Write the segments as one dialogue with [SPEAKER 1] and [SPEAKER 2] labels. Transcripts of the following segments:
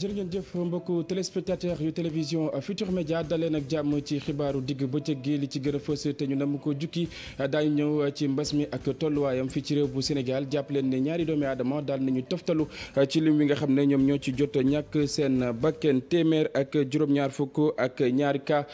[SPEAKER 1] jër ngeen jëf mbokku téléspectateur yu télévision Futur Média daleen ak jàmm ci xibaaru digg bëccëg gi li ci gën a te ñu nam ko jukki daañu ñëw ci mbas mi ak tolluwaayam fii ci réew bu Sénégal jàpp leen ne ñaari doomi aadama daal nañu toftalu ci lim wi nga xam ne ñoom ñoo ci jot ñàkk seen bakken téeméer ak juróom-ñaar fukk ak ñaari cas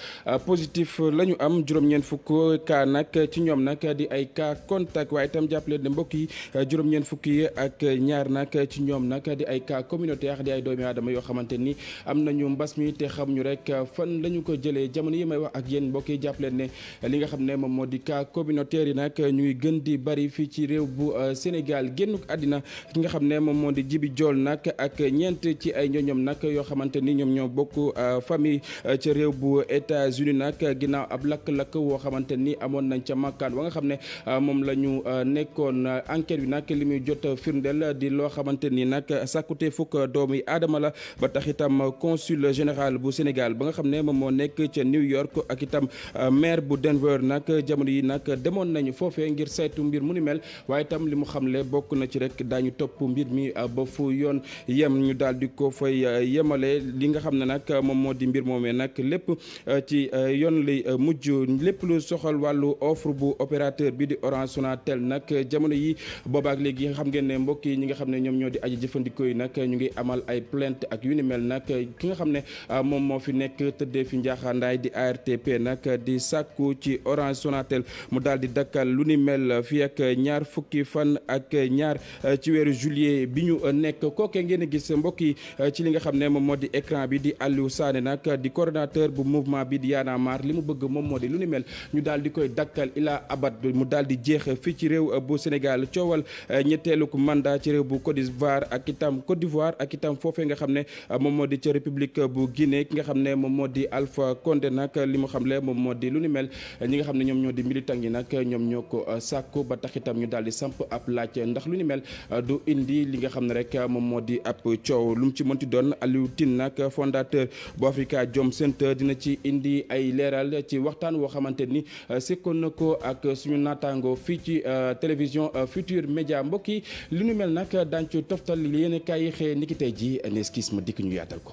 [SPEAKER 1] positif la ñu am juróom-ñeent fukk kaa nag ci ñoom nag di ay cas contact waaye itam jàpp leen ne mbokk yi juróom fukk yi ak ñaar nag ci ñoom nag di ay cas communautaire di ay doomi aadama aadama yoo xamante ni am nañu mbas mi te xam ñu rek fan la ñu ko jëlee jamono yi may wax ak yéen mbokk yi jàpp leen ne li nga xam ne moom moo di cas communautaire yi nag ñu gën di bari fii ci réew bu euh, Sénégal génnuk àddina ki nga xam ne moom moo di jibi jool nag ak ñeent ci ay ñoñom nag yoo xamante ni ñoom ñoo bokk euh, famille euh, ca réew bu États-Unis nag ginnaaw ab lakk-lakk woo xamante ni amoon nañ ca makkaan wa nga xam ne moom lañu ñu nekkoon enquête bi nag li muy jot firndeel di loo xamante ni sàkkute fukk doomi aadama la la ba tax itam consul général bu Sénégal ba nga xam ne moom moo nekk ca New York ak itam euh, maire bu Denver nag jamono yi nag demoon nañu foofee ngir saytu mbir mu ni mel waaye itam li mu xamle bokk na ci rek daañu topp mbir mi euh, ba fu yoon yem ñu daal di ko fay euh, yemale li nga xam ne nag moom moo di mbir moomee nag lépp ci yoon lay mujj lépp lu soxal wàllu offre bu opérateur bi di Orange Sonatel nag jamono yi boobaak léegi xam ngeen ne mbokk yi ñi nga xam ne ñoom ñoo di aji plainte ak yu ni mel nag ki nga xam ne ah, moom moo fi nekk tëddee fi njaaxaandaay di ARTP nag di sàkku ci Orange Sonatel mu daal di dakkal lu ni mel fii ak ñaar fukki fan ak ñaar ah, ci weeru juillet bi ñu ah, nekk kooke ngeen gis mbokk yi ci li nga xam ne moom moo di écran bi di Aliou Sané nag di coordonnateur bu mouvement bi di Y'en a li mu bëgg moom moo di lu ni mel ñu daal di koy dakkal ila abad mu daal di jeex fii ci réew bu Sénégal coowal ñetteelu mandat ci réew xam ne euh, moom moo di ca république bu Guinée ki nga xam ne moom moo di Alpha Condé nag li mu xamle moom moo di lu ni mel ñi nga xam ne ñoom ñoo di militant yi nag ñoom ñoo ko euh, sàkku ba tax itam ñu daal di samp ab laaj ndax lu ni mel euh, du indi li nga xam ne rek moom moo di ab coow lu mu ci mënti doon Aliou tin nag fondateur bu Africa Jom Center dina ci indi ay leeral ci waxtaan woo xamante ni sekkoon na ko ak suñu naataango fii ci télévision Futur Média mbokk yi lu ni mel nag daañu ci toftal yéen a kaay ma dikk ñu yaatal ko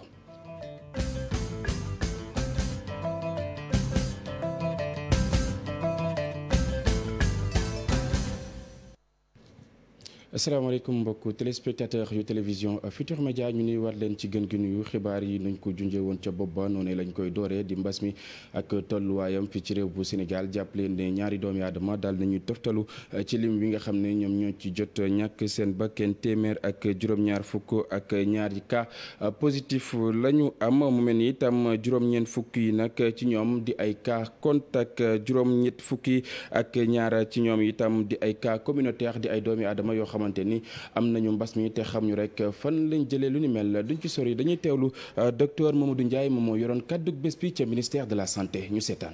[SPEAKER 1] asalaamaaleykum mbokk téléspectateur yu télévision Futur Média ñu nuy war leen ci gën gi nuyu xibaar yi nuñ ko junjee woon ca bopp ba noonu lañu koy dooree di mbas mi ak tolluwaayam fi ci réew bu Sénégal jàpp leen ne ñaari doomi aadama daal nañu toftalu eh, ci lim bi nga xam ne ñoom ñoo ci jot ñàkk seen bakken téeméer ak juróom-ñaar fukk ak ñaari cas eh, positif la ñu am mu mel ni itam juróom-ñeent fukk yi nag ci ñoom di ay kaa contact juróom-ñett fukki ak ñaar ci ñoom itam di ay cas communautaire di ay doomi aadama yoo xam xamante ni am nañu mbas mi te xam ñu rek fan lañ jëlee lu ni mel duñ ci sori dañuy teewlu euh, docteur Mamadou Ndiaye moom moo yoroon kàddu bés bi ca ministère de la santé ñu seetaan.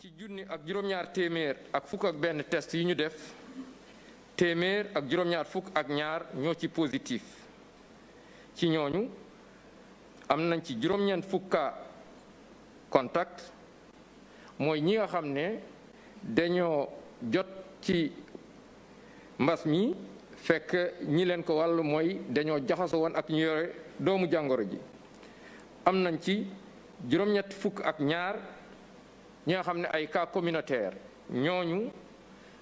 [SPEAKER 2] ci junni ak juróom-ñaar téeméer ak fukk ak benn test yi ñu def téeméer ak juróom-ñaar fukk ak ñaar ñoo ci positif ci ñooñu am nañ ci juróom-ñeent fukka contact mooy ñi nga xam ne dañoo jot ci mbas mi. fekk ñi leen ko wàll mooy dañoo jaxaso woon ak ñu yore doomu jàngoro ji am nañ ci juróom-ñett fukk ak ñaar ñaa xam ne ay cas communautaire ñooñu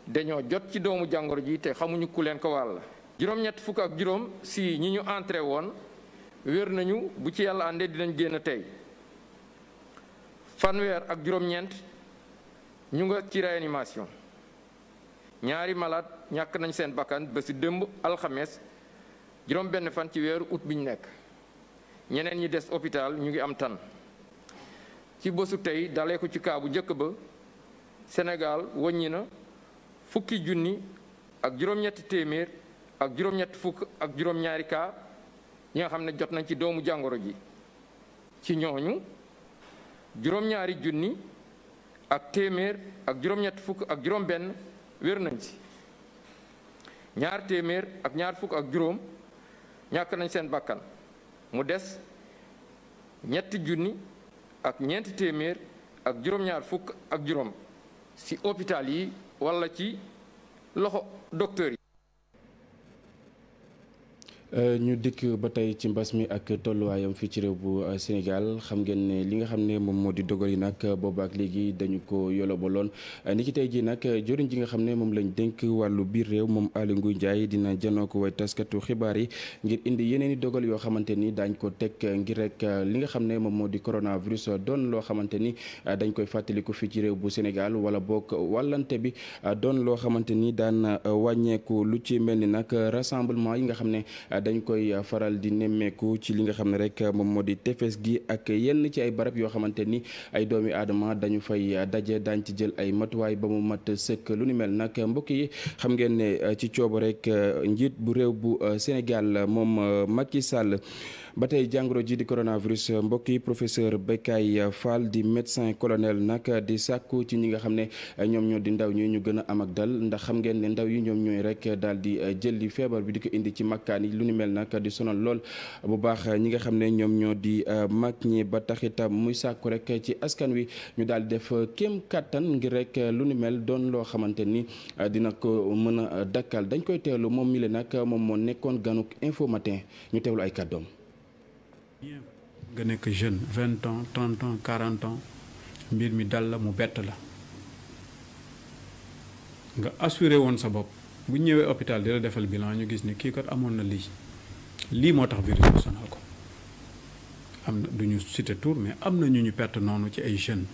[SPEAKER 2] dañoo jot ci doomu jàngoro ji te xamuñu ku leen ko wàll juróom-ñett fukk ak juróom si ñi ñu entré woon wér nañu bu ci yàlla àndee dinañ génn tey fanweer ak juróom-ñeent ñu nga ci réanimation ñaari malade ñàkk nañ seen bakkan ba si démb alxames juróom benn fan ci weeru ut bi ñu nekk ñeneen ñi des hôpital ñu ngi am tan ci bésu tey dalee ci kaa bu njëkk ba senegal wàññi na fukki junni ak juróom-ñetti téeméer ak juróom fukk ak juróom kaa yi xam ne jot nañ ci doomu jàngoro ji ci ñooñu juróom-ñaari junni ak téeméer ak benn wér nañ ci ñaar téeméer ak ñaar fukk ak juróom ñàkk nañ seen bakkan mu des ñetti junni ak ñeenti téeméer ak juróom-ñaar fukk ak juróom ci hôpital yi walla ci loxo docteur yi
[SPEAKER 1] Euh, ñu dikk ba tey ci mbas mi ak tolluwaayam fii ci réew bu euh, Sénégal xam ngeen ne li nga xam ne moom moo di dogal yi nag euh, boobaak léegi dañu ko yolobaloon ni ki tey jii nag joriñ ji nga xam ne moom lañ dénk wàllu biir réew moom Aly Ngouille njaay dina janoo ko way taskatu xibaar yi ngir indi yeneen i dogal yoo xamante ni daañ ko teg ngir rek li nga xam ne moom moo di coronavirus doon loo xamante ni dañ koy fàttaliku fii ci réew bu Sénégal wala boog wàllante bi doon loo xamante ni daan wàññeeku lu ci mel ni nag rassemblement yi nga xam ne dañ koy faral di nemmeeku ci li nga xam ne rek moom moo di tefes gi ak yenn ci ay barab yoo xamante ni ay doomi aadama dañu fay daje dañ ci jël ay matuwaay ba mu mat sëkk lu ni mel nag mbokk yi xam ngeen ne uh, ci coobu rek uh, njiit bu réew bu uh, Sénégal moom Macky Sall ba tey jàngoro ji di coronavirus mbokk yi professeur Bekay Fall di médecin colonel nag di sàkku ci ñi nga xam ne ñoom ñoo di ndaw ñi ñu gën a am ak dal ndax xam ngeen ne ndaw yi ñoom ñooy rek daal di jël li feebar bi di ko indi ci makkaan ni mel nag di sonal lool bu baax ñi nga xam ne ñoom ñoo di euh, mag ñi ba tax itam muy sàkku rek ci askan wi ñu daal def kéem kàttan ngir rek lu ni mel doon loo xamante ni euh, dina ko mën a dakkal dañ koy teewlu moom nag moom moo nekkoon ganuk info ñu teewlu ay kàddoom.
[SPEAKER 3] nga nekk jeune vingt ans trente ans quarante ans mbir mi dal la mu bett la nga assuré woon sa bopp. bu ñëwee hôpital di la defal bilan ñu gis ni kii kat amoon na lii lii moo tax virus bi ko am na du ñu cité tour mais am na ñu ñu perte noonu ci ay jeunes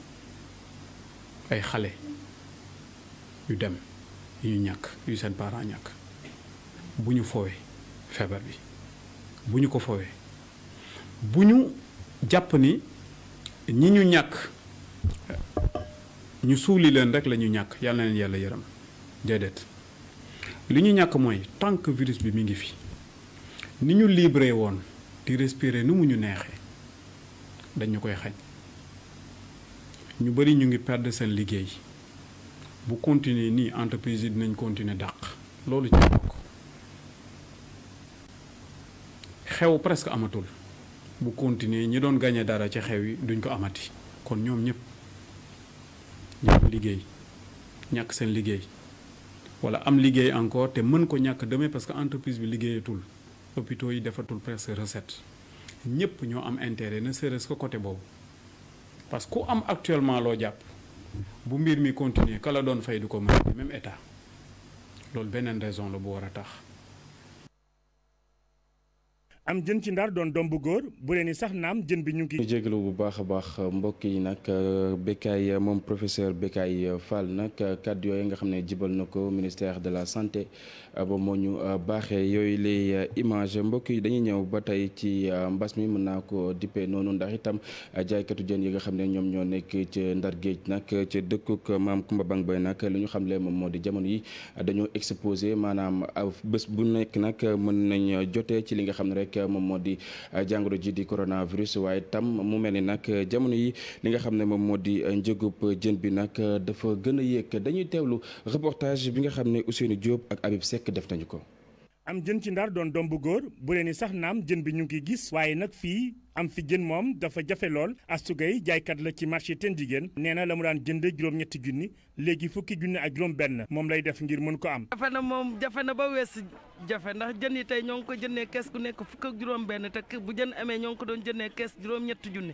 [SPEAKER 3] ay xale yu dem yu ñàkk yu seen parent ñàkk bu ñu fowee feebar bi bu ñu ko fowee bu ñu jàpp ni ñi ñu ñàkk ñu suuli leen rek la ñu ñàkk yàlla na leen yàlla yërëm déedéet li ñu ñàkk mooy tant que virus bi mu ngi fi ni ñu libre woon di respire ni mu ñu neexee dañu koy xañ ñu bëri ñu ngi perdre seen liggéey bu continuer nii entreprise yi dinañ continuer dàq loolu ci bokk xew presque amatul bu continuer ñi doon gagné dara ci xew yi duñ ko amati kon ñoom ñëpp ñàkk liggéey ñàkk seen liggéey wala am liggéey encore te mën ko ñàkk demee parce que entreprise bi liggéeyatul hôpitaux yi defatul presque recette ñëpp ñoo am intérêt ne serait-ce que côté boobu parce que ku am actuellement loo jàpp bu mbir mi continuer kala doon fay du ko mën même état loolu beneen raison la bu war a tax
[SPEAKER 1] am jën ci ndar doon doom bu góor bu leen ni sax naam jën bi ñu ngi koy bu baax a baax mbokk yi nag euh, Bécaye moom professeur Bécaye Fall nag kàddu yooyu nga xam ne jibal na ko ministère de la santé euh, ba moo ñu euh, baaxee yooyu lay image mbokk yi dañuy ñëw ba tey ci mbas mi mën naa ko dippee noonu ndax itam jaaykatu jën yi nga xam ne ñoom ñoo nekk ci ndar géej nag ci dëkkuk maam Kumba Bang Bay nag lu ñu xam le moom moo di jamono yi dañoo exposé maanaam bés bu nekk nag mën nañ jotee ci li nga xam ne rek moom moo di eh, jàngoro ji di coronavirus waaye tam mu mel ni nag eh, jamono yi li nga xam ne moom moo di eh, njëgub jën bi nag dafa gën a yéeg dañuy teewlu reportage bi nga xam ne Ousseynou Diop ak Habib sekk def nañu ko.
[SPEAKER 4] am jën ci ndar doon doom bu góor bu leen ni sax naam jën bi ñu ngi koy gis waaye nag fii am fi jën moom dafa jafe lool astugay jaaykat la ci marché ten jigéen nee na la mu daan jënd juróom-ñetti junni léegi fukki junni ak juróom benn moom lay def ngir mën ko am
[SPEAKER 5] jafe na moom jafe na ba wees jafe ndax jën yi tey ñoo ngi ko jëndee kees ku nekk fukk ak juróom benn te bu jën amee ñoo ngi ko doon jëndee kees
[SPEAKER 4] juróom-ñetti junni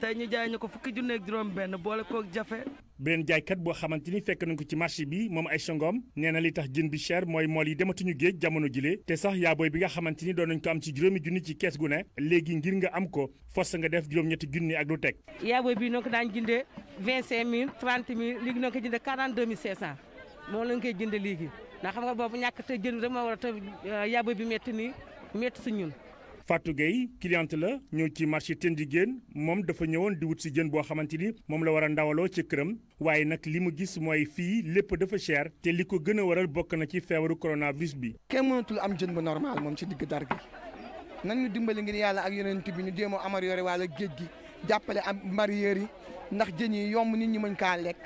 [SPEAKER 4] tey ñu jaay ñu ko fukki junni juróom benn boole jafe beneen jaaykat boo xamante ni fekk nañ ko ci marché bi moom ay songoom nee na li tax jën bi cher mooy mool yi dematuñu géej jamono jile te sax yaabooy bi nga xamante ni doon nañ ko am ci juróomi junni ci kees gu ne léegi ngir nga am ko force nga def juróom-ñetti junni ak lu teg
[SPEAKER 5] yaabooy bi noo ko daan jëndee vingt cinq mille trente mille léegi noo ko jëndee quarante deux mille cinq cent moom lañ koy jëndee léegi ndax xam nga boobu ñàkk te jën bi rek moo war a te euh, yaabooy bi métti nii
[SPEAKER 4] métti si ñun Fatou Gueye cliente la ñëw ci marché jigéen moom dafa ñëwoon di wut jën boo xamante ni moom la war a ndawaloo ci këram waaye nag li mu gis mooy fii lépp dafa cher te li ko gën a waral bokk na ci feebaru coronavirus bi. kenn mënatul am jën bu normal moom ci digg dar gi nan ñu dimbali ngir yàlla ak yonent bi ñu jéem a amar yore géej gi jàppale am mareyeurs yi ndax jën yi yomb nit ñi mën kaa lekk.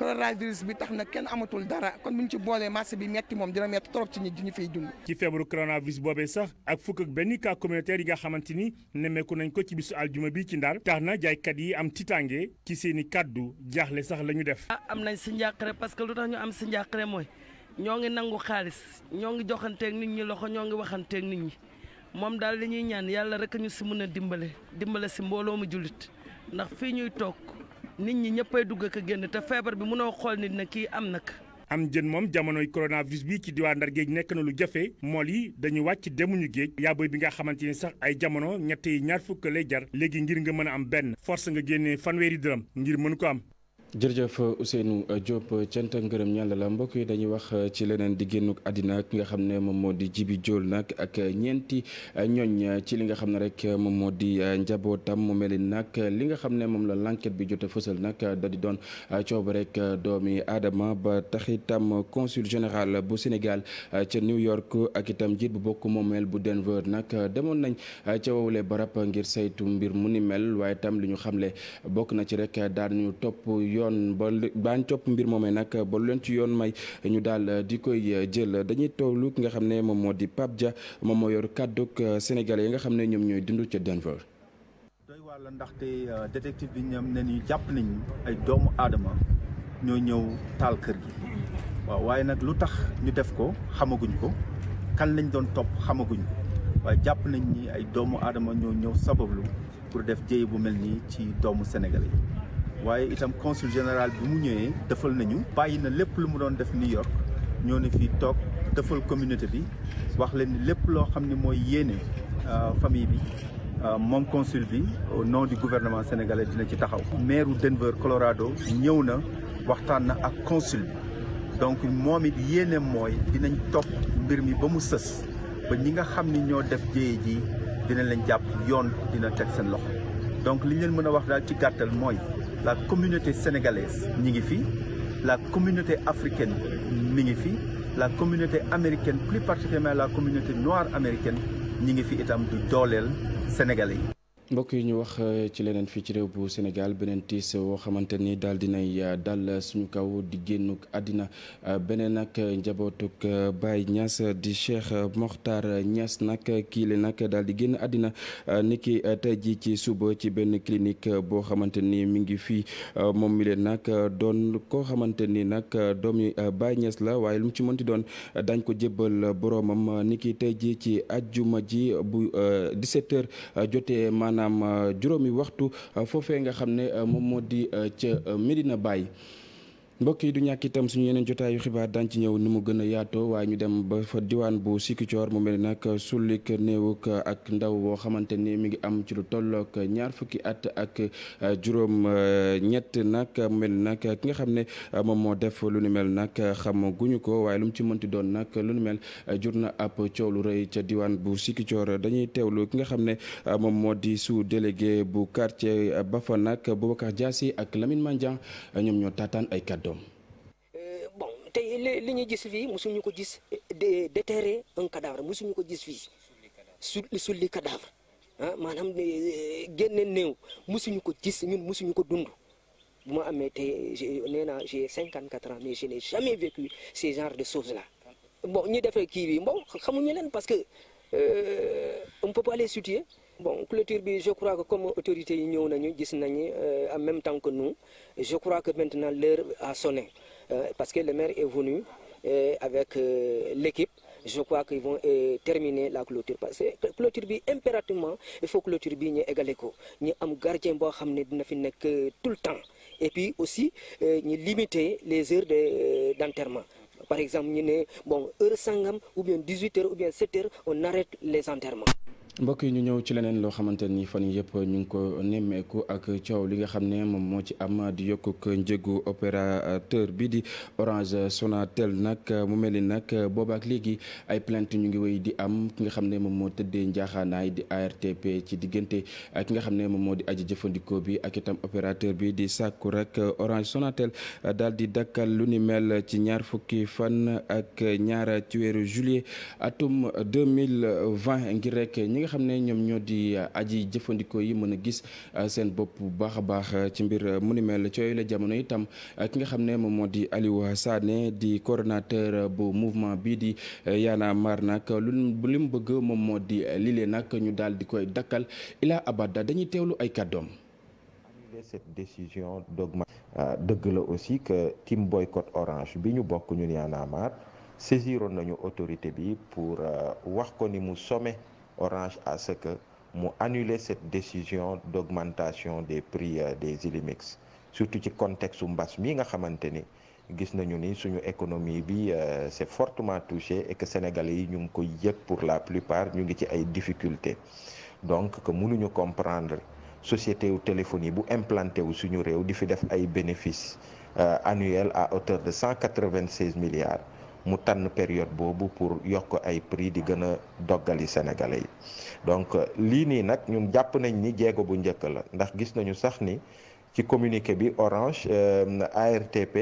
[SPEAKER 4] coronavirus bi tax na kenn amatul dara kon bu ñu ci boolee marché bi metti moom dina metti trop ci nit ñi fiy dund. ci feebaru coronavirus boobee sax ak fukk ak benn cas communautaire yi nga xamante ni nemmeeku nañ ko ci bisu aljuma bi ci ndar tax na jaaykat yi am tiitaange ci seen i kàddu jaaxle sax la ñu def. Ah,
[SPEAKER 5] am nañ si njàqare parce que lu tax ñu am si njàqare mooy ñoo ngi nangu xaalis ñoo ngi joxanteeg nit ñi loxo ñoo ngi waxanteeg nit ñi. moom daal li ñaan yàlla rek ñu si mën a dimbale dimbale si
[SPEAKER 4] mbooloo mu jullit ndax fii ñuy toog nit ñi ñëppay dugg ak a génn te feebar bi mënoo xool nit na kii am nag. am jën moom jamonoy coronavirus bi ci diwaan Ndar géej nekk na lu jafe mool yi dañu wàcc demuñu géej yaabooy bi nga xamante ni sax ay jamono ñett yi ñaar fukk lay jar léegi ngir nga mën a am benn force nga génne fanweeri dërëm ngir mën ko am.
[SPEAKER 1] jërëjëf Ousseynou Diop cant ak ngërëm ñàll la mbokk yi dañuy wax euh, ci leneen di génnuk àddina ki nga xam ne moom moo di jibi jóol nag ak ñeenti euh, ñooñ euh, ci li nga xam ne rek moom moo di njabootam mu mel ni nag li nga xam ne moom la l'enquête bi jot a fësal nag da doon coob rek doomi aadama ba taxitam itam général bu Sénégal ca New York ak itam jiit bu bokk moomeel bu Denver nag demoon nañ ca wowule barab ngir saytu mbir mu ni mel waaye tam li ñu xamle bokk na ci rek yoon ba baañ topp mbir moomee nag ba lu leen ci yoon may ñu daal di koy jël dañuy tooglu ki nga xam ne moom moo di Pape ja moom moo yoru kàdduk sénégalais yi nga xam ne ñoom ñooy dund ca Denver.
[SPEAKER 6] doy waar la ndaxte euh, détective bi ñoom ne ñu jàpp nañu ay doomu aadama ñoo ñëw taal kër gi waaw waaye nag lu tax ñu def ko xamaguñ ko kan lañ doon topp xamaguñ ko waaye jàpp nañ ni ay doomu aadama ñoo ñëw sabablu pour def jéey bu mel nii ci doomu Sénégal yi. waaye itam consul général bi mu ñëwee dëfal nañu bàyyi na lépp lu mu doon def New York ñoo ne fi toog defal communauté bi wax leen ni lépp loo xam ne mooy yéene euh, famille bi euh, moom consul bi au nom du gouvernement sénégalais dina ci taxaw maire Denver Colorado ñëw na waxtaan na ak consul bi donc moom it yéeneem mooy dinañ toog mbir mi ba mu sës ba ñi nga xam ni ñoo def jéye ji dina leen jàpp yoon dina teg seen loxo donc li ñu leen mën a wax daal ci gàttal mooy la communauté sénégalaise ñi ngi fi la communauté africaine mi ngi fi la communauté américaine plus particulièrement la communauté noire américaine ñi ngi fi itam du dooleel sénégalais yi
[SPEAKER 1] mbokk yi ñu wax euh, ci leneen fii ci réew bu Sénégal beneen tiis woo xamante ni daal dinay euh, dal suñu kaw di génnuk àddina euh, beneen nag njabootuk Baye ñas di Cheikh Mokhtar ñas nag kii le nag daal di génn àddina niki tey jii ci suba ci benn clinique boo xamante ni mi ngi fii moom mi leen nag doon koo xamante ni nag doomi Baye Niass la waaye lu mu ci mënti doon dañ ko jébbal boromam niki tey jii ci ajjuma ji bu 17 heures jotee maanaam maanaam euh, juróomi waxtu euh, foofe nga xam ne euh, moom moo di ca Medina Baye mbokk yi du ñàkk itam suñu yeneen jotaayu xibaar daan ci ñëw ni mu gën a yaatoo waaye ñu dem ba fa diwaan bu Sikicoor mu mel ni nag sullik néewuk ak ndaw boo xamante ni mi ngi am ci lu tollook ñaar fukki at ak juróom ñett nag mu mel ni nag ki nga xam ne moom moo def lu nu mel nag xam guñu ko waaye lu mu ci mënti doon nag lu nu mel jur na ab coow lu rëy ca diwaan bu Sikicoor dañuy teewlu ki nga xam ne moom moo di sous délégué bu quartier ba fa nag Boubacar Diassi ak Lamine ñoom ñoo taataan ay kàddu
[SPEAKER 5] te li ñu gis fii musuñu ko gis déterrer un cadavre musuñu ko gis fii su sulli cadavre ah maanaam eh, génne néew musuñu ko gis ñun musuñu ko dund bu ma amee te nee naa j'ai cinquante quatre ans mais je n'ai jamais vécu ce genre de choses la bon ñu defee kii bi bon xamuñu leen parce que euh, on peut pas les situer bon clôture bi je crois que comme autorité yi ñëw nañu gis nañu euh, en même temps que nous je crois que maintenant l'heure a sonné Euh, parce que le maire est venu euh, avec euh, l'équipe je crois qu'ils vont terminer la clôture parce que clôture bi impérativement il faut clôture bi ñu égale ko ñu am gardien boo xam ne dina fi nekk tout le temps et puis aussi ñu limiter les heures de d'enterrement par exemple ñu ne bon heure sangam ou bien 18 heures ou bien 7 heures on arrête les enterrements
[SPEAKER 1] mbokk yi ñu ñëw ci leneen loo xamante ni fan yëpp ñu ngi ko nemmeeku ak coow li nga xam ne moom moo ci am di yokkuk njëgu opérateur bi di orange Sonatel nag mu mel ni nag boobaak léegi ay plainte ñu ngi wéy di am ki nga xam ne moom moo tëddee njaaxaanaay di ARTP ci diggante ak ki nga xam ne moom moo di aji jëfandikoo bi ak itam opérateur bi di sàkku rek orange Sonatel daal di dakkal lu ni mel ci ñaar fukki fan ak ñaar ci weeru juillet atum 2020 ñi nga xam ne ñoom ñoo di euh, aji jëfandikoo yi mën a gis euh, seen bopp bu baax a baax euh, ci mbir mu ni mel cooy la jamono itam ki nga xam ne moom moo di Aliou Sané di coordonnateur bu mouvement bii di Y'en a nag lu mu bëgg moom moo di lile nag ñu daal di koy dakkal ila abada dañuy teewlu ay kaddoom
[SPEAKER 7] cette décision dogma dëgg la aussi que team boycott orange bi ñu bokk ñun Y'en saisiroon nañu autorité bi pour wax ko ni mu some Orange à ce que mu annuler cette décision d'augmentation des prix euh, des Illimix surtout ci contexte mbas mi nga xamante ni gis nañu ni suñu économie bi c'est euh, fortement touchée et que sénégalais yi ñu ngi koy yëg pour la plupart ñu ngi ci ay difficultés donc que mënuñu comprendre société wu téléphonie bu implanté wu suñu réew di fi def ay bénéfices euh, annuels à hauteur de cent quatre-vingt-seize milliards mu tànn période boobu pour yokk ay prix di gën a doggali sénégalais yi donc lii nii nag ñun jàpp nañ ni jéego bu njëkk la ndax gis nañu sax ni ci communiqué bi Orange euh, ARTP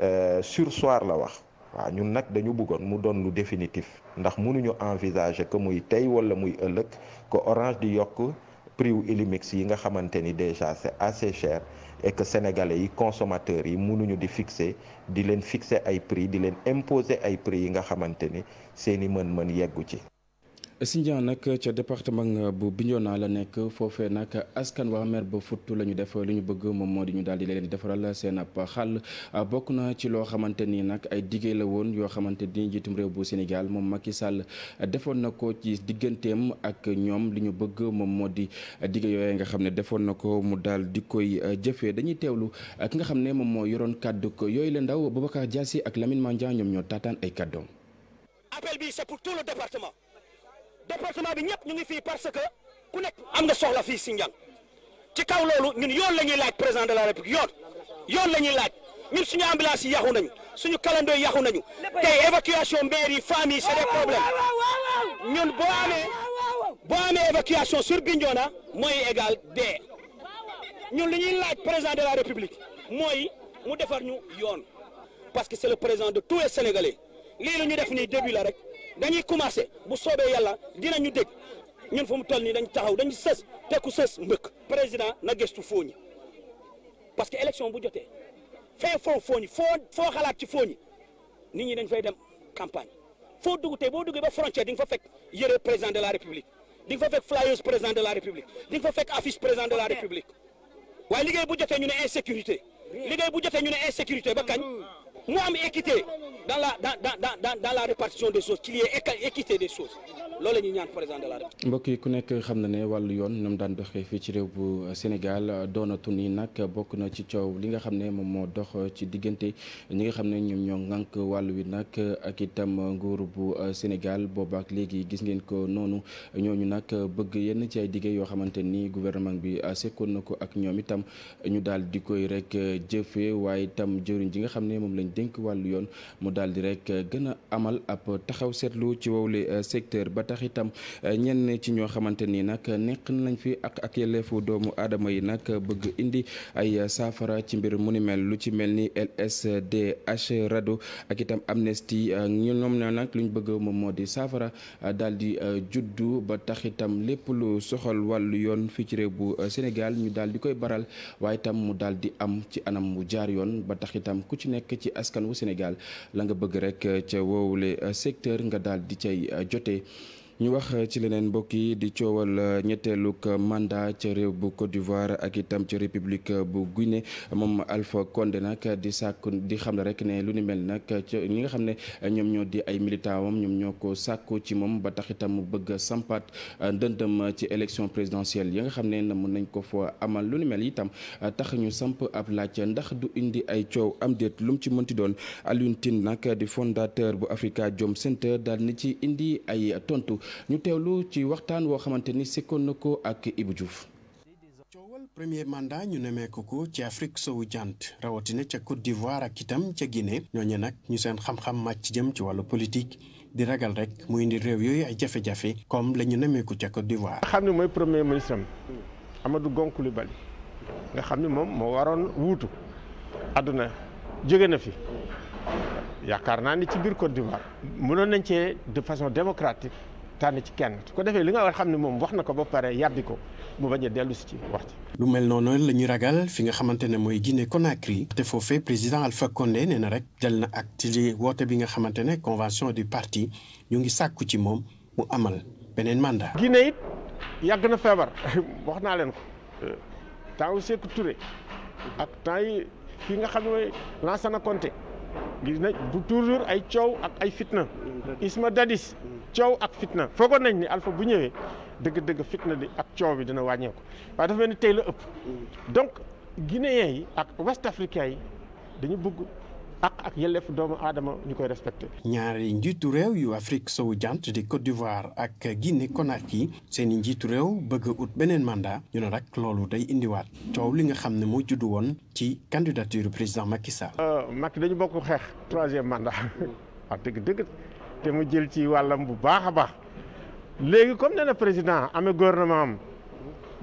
[SPEAKER 7] euh, sursoir la wax waa ñun nag dañu buggoon mu doon lu définitif ndax mënuñu envisager que muy tey wala muy ëllëg ko Orange di yokk. prix wu Illimix yi nga xamante ni déjà c'est assez cher et que sénégalais yi consommateurs yi mënuñu di fixe di leen fixer ay prix di leen imposer ay prix yi nga xamante ni seeni mën-mën yeggu ci
[SPEAKER 1] Sindian nag ca département bu Bignona la nekk foofee nag askan waa mer ba futt la ñu def li ñu bëgg moom moo di ñu daal di leen defaral seen ab xàll bokk na ci loo xamante ni nag ay diggé la woon yoo xamante ni njiitum réew bu senegal moom Macky sàll defoon na ko ci digganteem ak ñoom li ñu bëgg moom moo di diggé yooyu nga xam ne defoon na ko mu daldi koy jëfee dañuy teewlu ki nga xam ne moom moo yoroon kàddu ko yooyu la ndaw Boubacar Diassi ak Lamine Mandia ñoom ñoo taataan ay kàddoom.
[SPEAKER 8] département bi ñëpp ñu ngi fii parce que ku nekk am nga soxla fi si Sindian ci kaw loolu ñun yoon la ñuy laaj président de la république yoon yoon la ñuy laaj ñun suñu ambulance yi yàqu nañu suñu calendrier yi yàqu nañu tey évacuation maire yi famille c'est des problèmes ñun boo amee boo amee évacuation sur Bignona mooy égal dee ñun li ñuy laaj président de la république mooy mu defar ñu yoon parce que c'est le président de tous les sénégalais lii ñu def nii début la rek. dañuy commencé bu soobee yàlla ñu dégg ñun fu mu toll nii dañ taxaw dañu sës tekku sës mbëkk président na gëstu fooñi parce que élection bu jotee fee foo fooñi foo foo xalaat ci fooñi ni ñi dañ fay dem campagne foo dugg tey boo duggee ba frontière di nga fa fekk yëre président de la république di nga fa fekk flyers président de la république di nga fa fekk affiche président de la république waaye liggéey bu ñu ne sécurité liggéey bu jotee ñu ne insécurité ba kañ mu am dans la, dans, dans, dans, dans la répartition des choses, qu'il y ait équité des choses. loolu
[SPEAKER 1] mbokk yi ku nekk xam na ne wàllu yoon ñoom daan doxee fii ci réew bu Sénégal doonatu ni nag bokk na ci coow li nga xam ne moom moo dox ci diggante ñi nga xam ne ñoom ñoo ŋànk wàll wi nag ak itam nguur bu Sénégal boobaak léegi gis ngeen ko noonu ñooñu nag bëgg yenn ci ay yoo xamante ni gouvernement bi sekkoon na ko ak ñoom itam ñu daal di koy rek jëfee waaye itam jëriñ ji nga xam ne moom lañ dénk wàllu yoon mu daal di rek gën a amal ab taxaw seetlu ci wowle secteur ba tax itam eh, ñenn ci ñoo xamante ni nag nekk nañ fi ak ak lefu doomu aadama yi nag bëgg indi ay saafara ci mbir mu ni mel lu ci mel ni LSDH RADDHO ak itam Amnesty eh, ñoom na nag luñ bëgg moom moo di saafara eh, daal di juddu ba tax itam lépp lu soxal wàllu yoon fii ci bu Sénégal ñu daal di koy baral waaye itam mu daal di am ci anam mu jaar yoon ba tax itam ku ci nekk ci askan wu Sénégal la nga bëgg rek ca woowule secteur nga daal di cay jotee ñu wax euh, ci leneen mbokk yi di coowal euh, ñetteelug euh, mandat ca réew bu Côte d'Ivoire ak itam ci république bu Guinée moom Alpha konde nag di sàkku di xam ne rek ne lu ni mel nag ñi nga xam ne ñoom ñoo di ay militant wam ñoom ñoo ko sàkku ci moom ba tax itam mu bëgg sampat ndëndëm ci élection présidentielle yi nga xam ne na mun nañ ko fa amal lu ni mel itam tax ñu samp ab laaj ndax du indi ay coow am déet lu mu ci mënti doon Alioune Tine nag di fondateur bu Africa Jom Center daal ni ci indi ay tontu. ñu teewlu ci waxtaan woo xamante ni sekkoon na ko ak Ibou Diouf.
[SPEAKER 9] coowal premier mandat ñu nemmeeku ko ci Afrique sowu jant rawatina ca Côte d'Ivoire ak itam ca Guinée ñooñu nag ñu seen xam-xam màcc jëm ci wàllu politique di ragal rek mu indi réew yooyu ay
[SPEAKER 10] jafe-jafe comme la ñu nemmeeku ca Côte d'Ivoire. nga xam ne mooy premier ministre am Amadou Gon Coulibaly nga xam ne moom moo waroon wuutu àdduna jóge na fi yaakaar naa ni ci biir Côte d'Ivoire mënoon nañ cee de façon démocratique. tànn ci kenn su ko defee li nga war xam ne moom wax na ko ba pare yàbbi ko mu bañ a dellu si ci wax
[SPEAKER 9] lu mel noonu la ñuy ragal fi nga xamante ne mooy Guinée Conakry te foofee président Alpha Condé nee rek jël na ak ci li woote bi nga xamante ne convention du parti ñu ngi sàkku ci moom mu amal beneen mandat.
[SPEAKER 10] Guinée it yàgg na feebar wax naa leen ko temps wu Sékou ak temps yi nga xam ne mooy na Conté bu toujours ay coow ak ay fitna Isma Dadis. coow ak fitna foogoon nañ ni Alpha bu ñëwee dëgg-dëgg fitna di ak coow bi dina wàññeeku waaye dafa mel ni tey la ëpp donc guinéens ak west africains yi dañu bugg ak ak yelleef doomu aadama ñu koy respecté.
[SPEAKER 9] ñaari njiitu réew yu Afrique sowu jànt di Côte d'Ivoire ak Guinée Conakry seen i njiitu réew bëgg ut beneen mandat ñu ne rek loolu day indiwaat coow li nga xam ne moo juddu woon ci candidature président Macky Sall.
[SPEAKER 10] Euh, Macky dañu bokk xeex troisième mandat wax te mu jël ci wàllam bu baax a baax léegi comme ne na président ame gouvernement am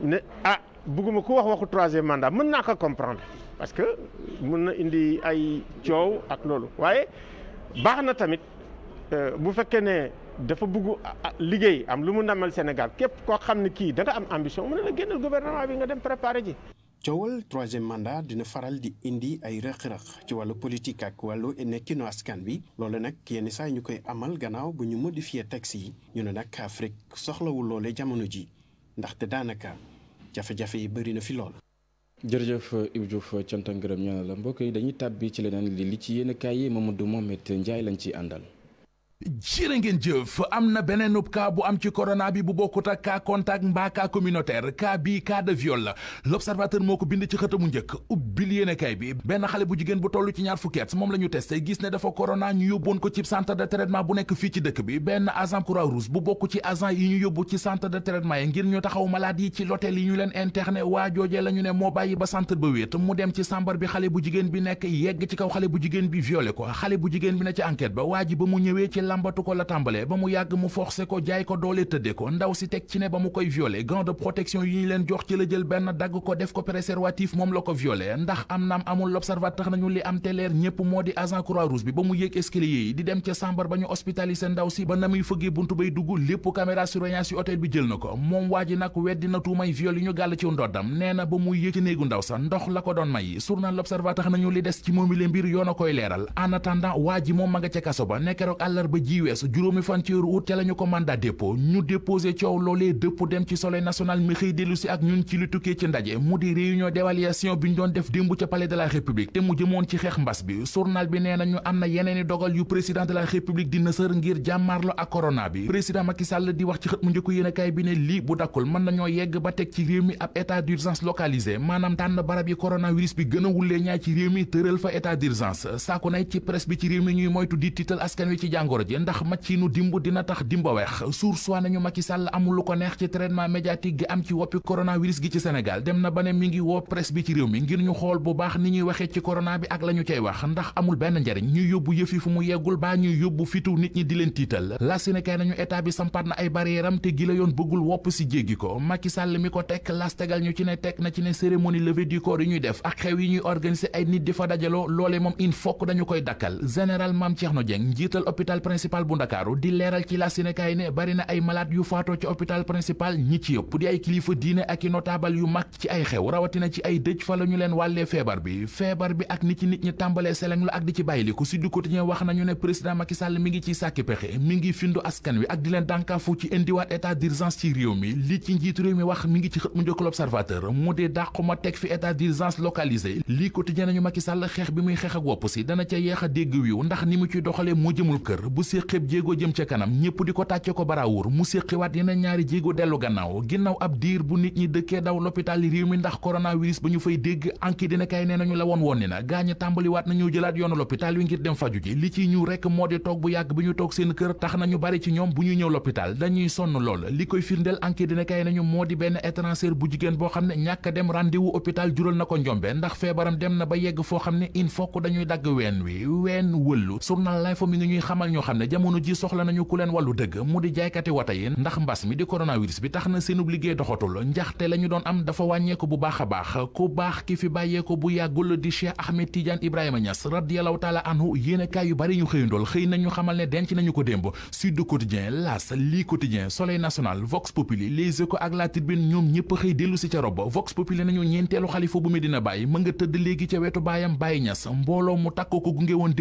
[SPEAKER 10] ne ah bugguma ku wax waxu troisième mandat mën naa ko comprendre parce que mën na indi ay coow ak loolu waaye baax na tamit euh, bu fekkee ne dafa bugg liggéey am lu mu namal Sénégal képp koo xam ne kii danga am ambition mu ne la génnal gouvernement bi nga dem préparer ji coowal troisième mandat dina faral di indi ay rëq-rëq ci wàllu politique ak
[SPEAKER 9] wàllu nekkinu askan bi loolu nag yenn saa ñu koy amal gannaaw bu ñu modifier texte yi ñu ne nag afrig soxlawul loole jamono ji ndaxte daanaka jafe-jafe yi bëri na fi
[SPEAKER 1] lool. jërëjëf Ibou Diouf cant ak ngërëm ñaanal la mbokk yi dañuy tàbbi ci leneen li li ci yéen kaay yi Mamadou Mohamed Ndiaye lañ ci àndal.
[SPEAKER 11] jërë ngeen jëf am na beneen cas bu am ci corona bi bu bokkut ak cas contact mbaa cas communautaire cas bii cas de viol la l'observateur moo ko bind ci xëtamu njëkk ubbil yéenekaay bi benn xale bu jigéen bu toll ci ñaar fukki moom la ñu testé gis ne dafa corona ñu yóbboon ko ci centre de traitement bu nekk fii ci dëkk bi benn agent Croix-Rouge bu bokk ci agent yi ñu yóbbu ci sant de traitement yi ngir ñu taxaw malade yi ci l'hôtel yi ñu leen interné waa joojee la ñu ne moo ba centre ba wéet mu dem bi xale bu jigéen bi nekk yegg ci kaw xale bu jigéen bi violé ko xale bu jigéen bi ne ci enquête làmbatu ko ba mu yàgg mu forcé ko jaay ko doole tëdde ko ndaw si teg ci ne ba mu koy violé gant protection yi ñu leen jox ci la jël benn dagg ko def ko préservatif moom la ko violé ndax am naam amul l'observateur tax nañu li am te leer ñépp moo di agent croix rouge bi ba mu yéeg escalier yi di dem ca sambar ba ñu hospitalisé ndaw si ba na muy fëggee buntu bay dugg lépp caméra surveillance yu hôtel bi jël na ko moom waa ji nag weddi na tuumay viol yi ñu gàll ba mu yéeg ci néegu ndaw la ko doon may journal li des ci moomi le mbir yoon a koy leeral ji weesu juróomi fan ci weeru août te la ñu ko mandat dépôt ñu déposé coow loolee dëpp dem ci soleil national mi xëy dellu si ak ñun ci lu tukkee ci ndaje mu di réunion d'évaluation bi ñu doon def démb ca palais de la république te mu jëmoon ci xeex mbas bi journal bi nee nañu am na yeneeni dogal yu président de la république di nësër ngir jàmmaarlo ak corona bi président Macky Sall di wax ci xët mu njëkk yéenekaay bi ne lii bu dakkul mën nañoo yegg ba teg ci réew mi ab état d'urgence localisé maanaam tànn barab yi coronavirus bi gën a wullee ñaay ci réew mi tëral fa état d'urgence ci presse ci moytu di askan wi ci jàngoro jamono ji ndax nu dimb dina tax dimba weex suur soi nañu Macky Sall amul lu ko neex ci traitement médiatique gi am ci woppi coronavirus gi ci Sénégal dem na ba mi ngi woo presse bi ci réew mi ngir ñu xool bu baax ni ñuy waxee ci corona bi ak lañu ñu cay wax ndax amul benn njariñ ñuy yóbbu yëfi fu mu yeggul baa ñuy yóbbu fitu nit ñi di leen tiital la Sénégal nañu état bi sampaat na ay barrière am te gi la yoon bëggul wopp si jéggi ko Macky Sall mi ko tekk las tegal ñu ci ne tekk na ci ne cérémonie levée du corps yi ñuy def ak xew yi ñuy organiser ay nit di fa dajaloo loolee moom in fokk dañu koy dakkal général Mame Thierno Dieng njiital principal bu ndakaaru di leeral ci la Sénégal ne bari ay malade yu faatoo ci hôpital principal ñi ci yëpp di ay kilifa diine ak i notable yu mag ci ay xew rawatina ci ay dëj fa la leen wàllee feebar bi feebar bi ak ni ci nit ñi tàmbalee seleng la ak di ci bàyyi li ku si du quotidien wax nañu ne président Macky mi ngi ciy sàkki pexe mi ngi findu askan wi ak di leen dànkaafu ci indiwaat état d'urgence ci réew mi li ci njiitu réew mi wax mi bu séqéb jéego jëm ca kanam ñëpp di ko tàcce ko baraawur mu séqiwaat yeneen ñaari jéego dellu gannaaw ginnaaw ab diir bu nit ñi dëkkee daw l'hôpital réew mi ndax coronavirus ba ñu fay dégg anki dina kay nee nañu la woon woon ni na gaañi tàmbaliwaat nañu jëlaat yoonu l'hôpital wi ngir dem faju ji li ci ñu rekk moo di toog bu yàgg bi ñu toog seen kër tax nañu bari ci ñoom bu ñu ñëw l'hôpital dañuy sonn lool li koy firndeel anki dina kay nañu moo di boo xam ne ñàkk dem rendez-vous hôpital jural na ko njombe ndax feebaram dem na ba yegg foo xam ne in fokk dañuy dagg ween wi ween xam ne jamono ji soxla nañu ku leen wàllu dëgg mu di jaaykati wata yi ndax mbas mi di coronavirus bi tax na seenub liggéey doxatul njaxte la ñu doon am dafa wàññeeku bu baax a baax ku baax ki fi bàyyeeko bu yàggul di Cheikh Ahmed Tidiane Ibrahima Niass radiallahu taala anhu yéenekaay yu bari ñu xëyandool xëy nañu xamal ne denc nañu ko démb Sud Quotidien L'As Li Quotidien Soleil National Vox Populi Les Échos ak La Tribune ñoom ñëpp xëy dellu si ca rob Vox Populi nañu ñeenteelu xalifa bu Medina Baye mën nga tëdd léegi ca wetu baayam Baye Niass mbooloo mu takkoo ko gunge woon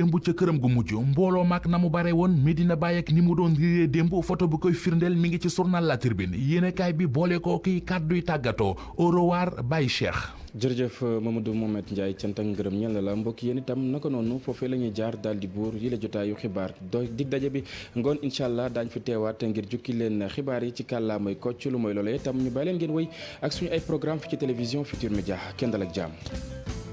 [SPEAKER 11] woon Medina Baye ak ni mu doon rirée démb photo bu koy firndeel mi ngi ci journal La Tribune yéenekaay bi boole koo kii kàdduy tàggatoo Orowar Baye Cheikh
[SPEAKER 1] jërëjëf Mamadou Mohamed Ndiaye cant ak ngërëm ñeel la mbokk yéen itam naka noonu foofee la ñuy jaar daal di buur yi la jotaayu xibaar do dig daje bi ngoon incha allah daañ fi teewaat ngir jukki leen xibaar yi ci kàllaamay kocc lu mooy loolee itam ñu bàyyi leen ngeen wéy ak suñu ay programme fi ci télévision Futur Média kenn dal ak jàmm